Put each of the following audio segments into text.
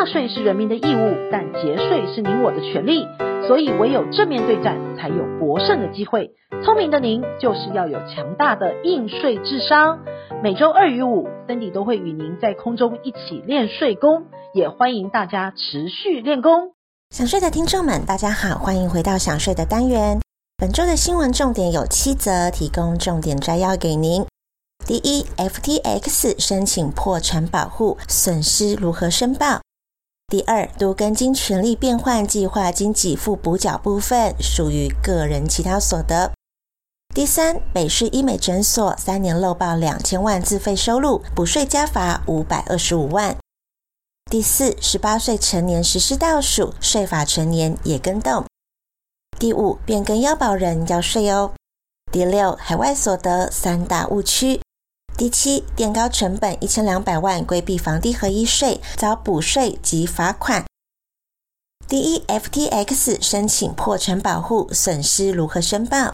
納稅是人民的義務，但節稅是您我的權利。所以唯有正面對戰，才有博勝的機會。聰明的您，就是要有強大的應稅智商。每周二與五，森迪都會與您在空中一起練稅功，也歡迎大家持續練功。享稅的聽眾們，大家好，歡迎回到享稅的單元。本周的新聞重點有七則，提供重點摘要給您。第一，FTX 申請破產保護，損失如何申報？第二，都更金權利變換計劃經濟負補繳部分屬於個人其他所得。第三，北市醫美診所三年漏報兩千萬自費收入，補稅加罰五百二十五萬。第四，十八歲成年實施倒數，稅法成年也更動。第五，變更要保人要稅哦。第六，海外所得三大誤區。第七，墊高成本一千兩百萬，規避房地合一稅，遭補稅及罰款。第一，FTX 聲請破產保護，損失如何申報？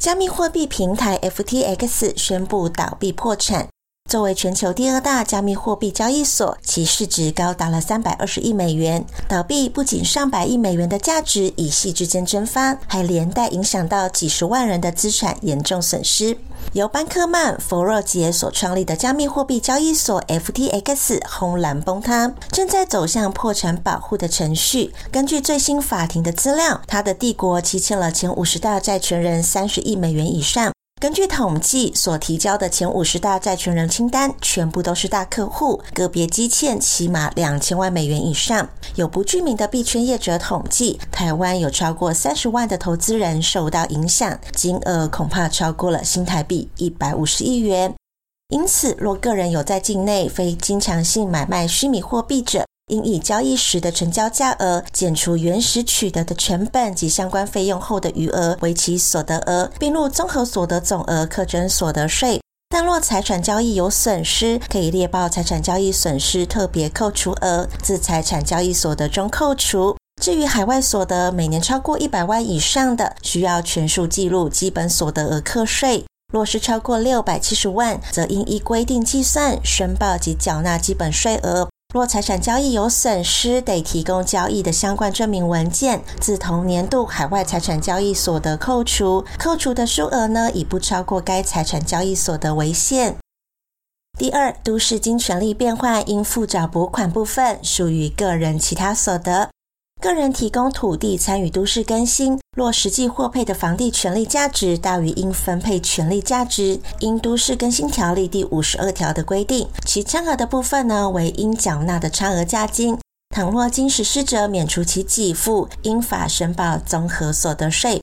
加密貨幣平台 FTX 宣布倒閉破產。作為全球第二大加密貨幣交易所，其市值高達了三百二十億美元。倒閉，不僅上百億美元的價值一夕之間蒸發，還連帶影響到幾十萬人的資產嚴重損失。由班克曼弗洛杰所創立的加密貨幣交易所 FTX 轟然崩塌，正在走向破產保護的程序。根據最新法庭的資料，他的帝國積欠了前五十大債權人三十億美元以上。根據統計，所提交的前五十大債權人清單全部都是大客戶，個別積欠起碼兩千萬美元以上。有不具名的幣圈業者統計，台灣有超過三十萬的投資人受到影響，金額恐怕超過了新台幣一百五十億元。因此，若個人有在境內非經常性買賣虛擬貨幣者，應以交易時的成交價額減除原始取得的成本及相關費用後的餘額為其所得額，併入綜合所得總額課徵所得稅。但若財產交易有損失，可以列報財產交易損失特別扣除額，自財產交易所得中扣除。至於海外所得，每年超過一百萬以上的，需要全數記錄基本所得額課稅；若是超過六百七十萬，則應依規定計算、申報及繳納基本稅額。若財產交易有損失，得提供交易的相關證明文件，自同年度海外財產交易所得扣除，扣除的數額呢，以不超過該財產交易所得為限。第二，都市更新權利變換應付找補款部分，屬於個人其他所得。個人提供土地參與都市更新，若實際獲配的房地權利價值大於應分配權利價值，依都市更新條例第五十二條的規定，其差額的部分呢，為應繳納的差額價金。倘若經實施者免除其給付，依法申報綜合所得稅。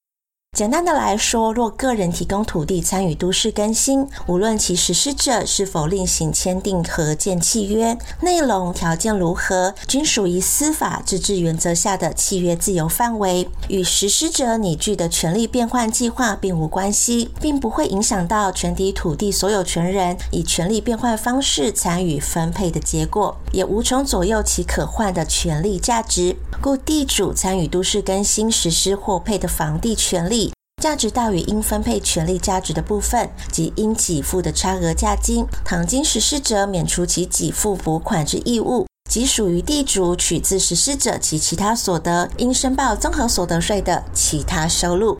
簡單的來說，若個人提供土地參與都市更新，無論其實施者是否另行簽訂合建契約，內容條件如何，均屬於私法自治原則下的契約自由範圍，與實施者擬具的權利變換計劃並無關係，並不會影響到全體土地所有權人以權利變換方式參與分配的結果。也無從左右其可換的權利價值，故地主參與都市更新實施獲配的房地權利價值大於應分配權利價值的部分，即應給付的差額價金，倘經實施者免除其給付補款之義務，即屬於地主取自實施者及其他所得應申報綜合所得稅的其他收入。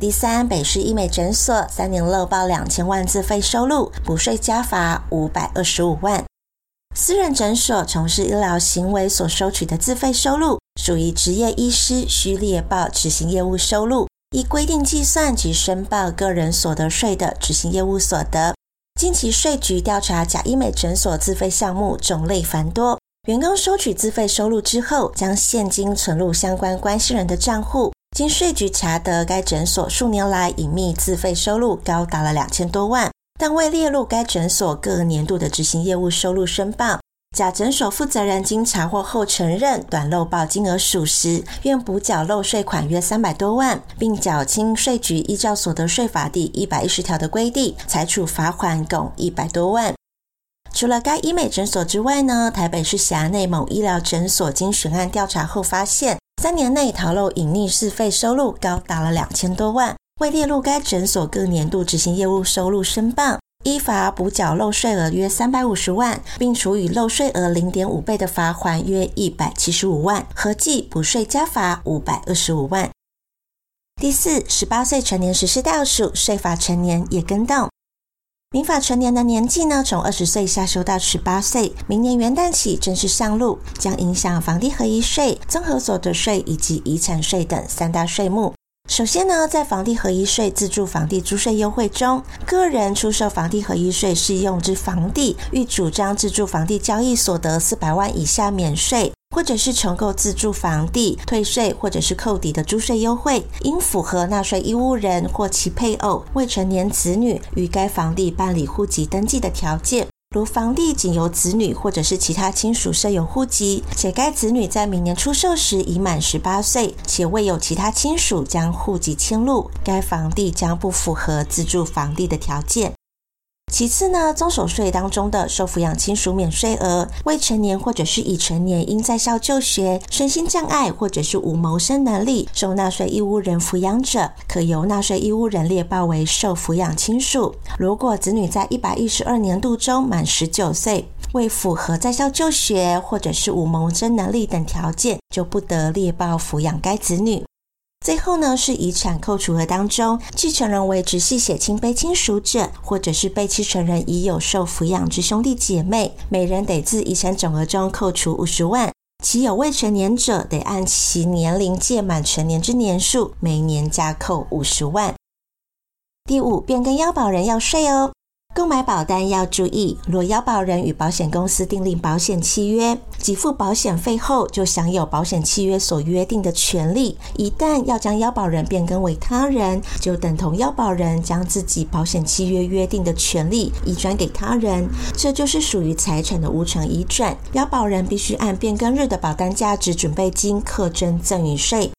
第三，北市醫美診所三年漏報兩千萬自費收入，補稅加罰五百二十五萬。私人診所從事醫療行為所收取的自費收入，屬於執業醫師需列報執行業務收入，依規定計算及申報個人所得稅的執行業務所得。近期稅局調查甲醫美診所自費項目種類繁多，員工收取自費收入之後，將現金存入相關關係人的賬戶。經稅局查得，該診所數年來隱匿自費收入高達了兩千多萬。但未列入該診所各年度的執行業務收入申報。甲診所負責人經查獲後承認短漏報金額屬實，願補繳漏稅款約三百多萬，並繳清稅局依照所得稅法第一百一十條的規定，裁處罰款共一百多萬。除了該醫美診所之外呢，台北市轄內某醫療診所經審案調查後發現，三年內逃漏隱匿自費收入高達了兩千多萬。未列入該診所各年度執行業務收入申報，依法補繳漏稅額約三百五十萬，並處以漏稅額零點五倍的罰鍰約一百七十五萬，合計補稅加罰五百二十五萬。第四，十八歲成年實施倒數，稅法成年也更動。民法成年的年紀呢，從二十歲以下修到十八歲，明年元旦起正式上路，將影響房地合一稅、綜合所得稅以及遺產稅等三大稅目。首先呢，在房地合一稅自住房地租稅優惠中，個人出售房地合一稅適用之房地，欲主張自住房地交易所得四百萬以下免稅，或者是重購自住房地退稅，或者是扣抵的租稅優惠，應符合納稅義務人或其配偶、未成年子女與該房地辦理戶籍登記的條件。如房地僅由子女或者是其他親屬設有戶籍，且該子女在明年出售時已滿十八歲，且未有其他親屬將戶籍遷入，該房地將不符合自住房地的條件。其次呢，綜所稅當中的受撫養親屬免稅額，未成年或者是已成年因在校就學、身心障礙或者是無謀生能力，受納稅義務人撫養者，可由納稅義務人列報為受撫養親屬。如果子女在一百一十二年度中滿十九歲，未符合在校就學或者是無謀生能力等條件，就不得列報撫養該子女。最後呢，是遺產扣除額當中，繼承人為直系血親非親屬卑親屬者，或者是被繼承人已有受扶養之兄弟姐妹，每人得自遺產總額中扣除五十萬；其有未成年者，得按其年齡屆滿成年之年數，每年加扣五十萬。第五，變更要保人要稅哦。購買保單要注意，若要保人與保險公司訂立保險契約，給付保險費後就享有保險契約所約定的權利。一旦要將要保人變更為他人，就等同要保人將自己保險契約約定的權利移轉給他人，這就是屬於財產的無償移轉。要保人必須按變更日的保單價值準備金課徵贈與稅。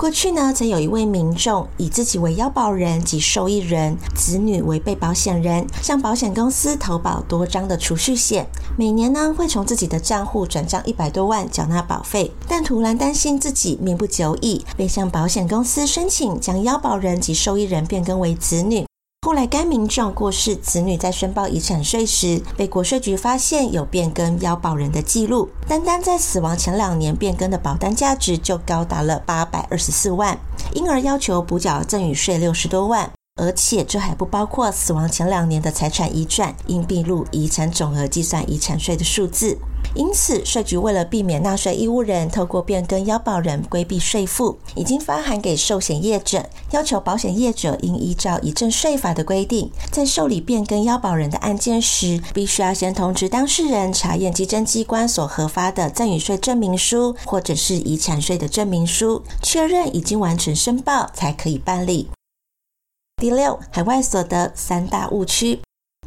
過去呢，曾有一位民眾以自己為要保人及受益人，子女為被保險人，向保險公司投保多張的儲蓄險，每年呢會從自己的賬戶轉賬一百多萬繳納保費。但突然擔心自己命不久矣，便向保險公司申請將要保人及受益人變更為子女。後來，該民眾過世，子女在申報遺產稅時，被國稅局發現有變更要保人的記錄。單單在死亡前兩年變更的保單價值就高達了八百二十四萬，因而要求補繳贈與稅六十多萬。而且，這還不包括死亡前兩年的財產移轉應並入遺產總額計算遺產稅的數字。因此，稅局為了避免納稅義務人透過變更要保人規避稅負，已經發函給壽險業者，要求保險業者應依照遺贈稅法的規定，在受理變更要保人的案件時，必須要先通知當事人查驗稽徵機關所核發的贈與稅證明書或者是遺產稅的證明書，確認已經完成申報才可以辦理。第六，海外所得三大誤區。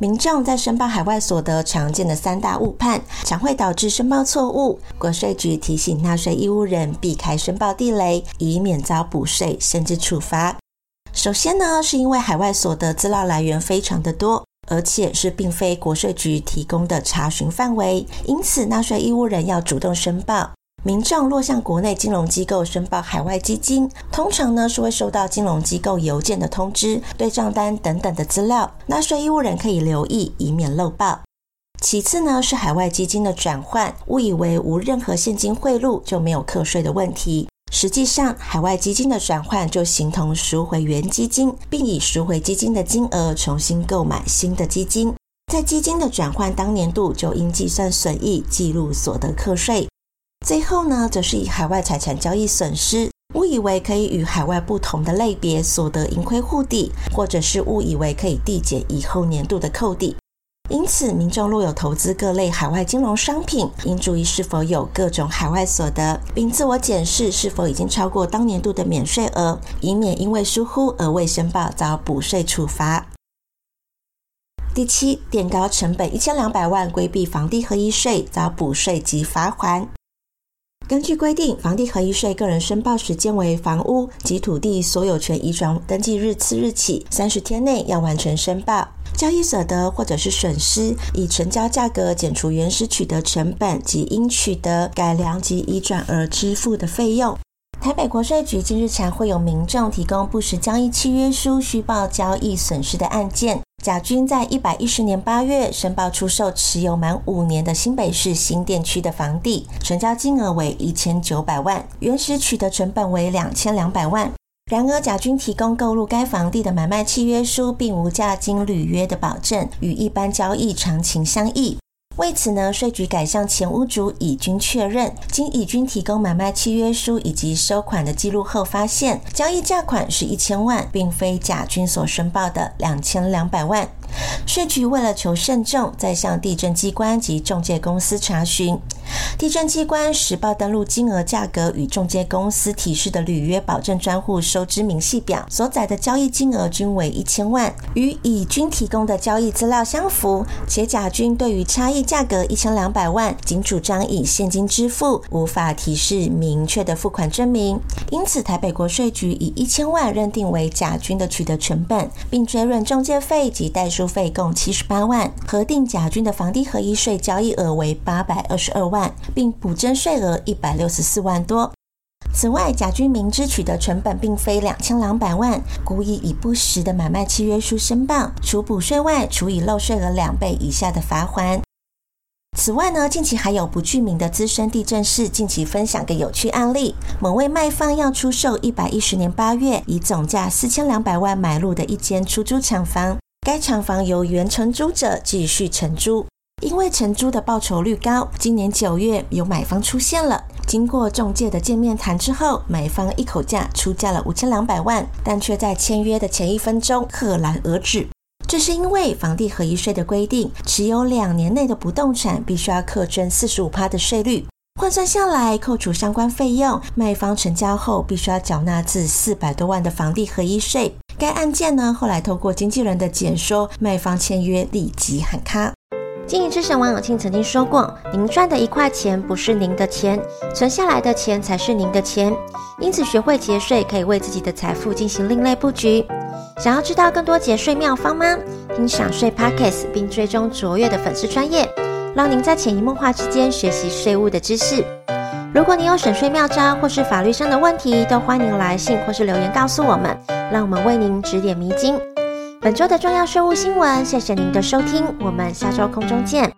民眾在申報海外所得常見的三大誤判，常會導致申報錯誤。國稅局提醒納稅義務人避開申報地雷，以免遭補稅甚至處罰。首先呢，是因為海外所得資料來源非常的多，而且是並非國稅局提供的查詢範圍，因此納稅義務人要主動申報。民眾若向國內金融機構申報海外基金，通常呢是會收到金融機構郵件的通知、對賬單等等的資料，納稅義務人可以留意，以免漏報。其次呢是海外基金的轉換，誤以為無任何現金匯入就沒有課稅的問題。實際上，海外基金的轉換就形同贖回原基金，並以贖回基金的金額重新購買新的基金，在基金的轉換當年度就應計算損益，記錄所得課稅。最後呢，則是以海外財產交易損失，誤以為可以與海外不同的類別所得盈虧互抵，或者是誤以為可以遞減以後年度的扣抵。因此，民眾若有投資各類海外金融商品，應注意是否有各種海外所得，並自我檢視是否已經超過當年度的免稅額，以免因為疏忽而未申報遭補稅處罰。第七，墊高成本一千兩百萬，規避房地合一稅，遭補稅及罰鍰。根據規定，房地合一稅個人申報時間為房屋及土地所有權移轉登記日次日起三十天內要完成申報。交易所得或者是損失，以成交價格減除原始取得成本及因取得改良及移轉而支付的費用。台北國稅局近日查獲有民眾提供不實交易契約書、虛報交易損失的案件。甲君在一百一十年八月申報出售持有滿五年的新北市新店區的房地，成交金額為一千九百萬，原始取得成本為兩千兩百萬。然而，甲君提供購入該房地的買賣契約書，並無價金履約的保證，與一般交易常情相異。為此呢，稅局改向前屋主乙君確認，經乙君提供買賣契約書以及收款的記錄後，發現交易價款是一千萬，並非甲君所申報的兩千兩百萬。稅局為了求慎重，再向地政機關及仲介公司查詢，地政機關實價登錄金額、價格與仲介公司提示的履約保證專戶收支明細表所載的交易金額均為一千萬，與乙君提供的交易資料相符。且甲君對於差異價格一千兩百萬，僅主張以現金支付，無法提示明確的付款證明，因此台北國稅局以一千萬認定為甲君的取得成本，並追認仲介費及代收。費共七十八萬，核定甲君的房地合一稅交易額為八百二十二萬，並補徵稅額一百六十四萬多。此外，甲君明知取得成本並非兩千兩百萬，故意以不實的買賣契約書申報，除補稅外，處以漏稅額兩倍以下的罰鍰。此外呢，近期還有不具名的資深地政士近期分享個有趣案例：某位賣方要出售一百一十年八月以總價四千兩百萬買入的一間出租廠房。該廠房由原承租者繼續承租，因為承租的報酬率高。今年九月，有買方出現了。經過仲介的見面談之後，買方一口價出價了五千兩百萬，但卻在簽約的前一分鐘戛然而止。這是因為房地合一稅的規定，持有兩年內的不動產必須要課徵四十五趴的稅率。換算下來，扣除相關費用，賣方成交後必須要繳納至四百多萬的房地合一稅。該案件呢，後來通過經紀人的解說，賣方簽約立即喊卡。經營之神王永慶曾經說過：“您賺的一塊錢不是您的錢，存下來的錢才是您的錢。因此，學會節稅可以為自己的財富進行另類布局。想要知道更多節稅妙方嗎？聽享稅 Podcast 並追蹤卓越的粉絲專頁，讓您在潛移默化之間學習稅務的知識。如果你有省稅妙招或是法律上的問題，都歡迎來信或是留言告訴我們。讓我們為您指點迷津。本週的重要稅務新聞，謝謝您的收聽，我們下週空中見。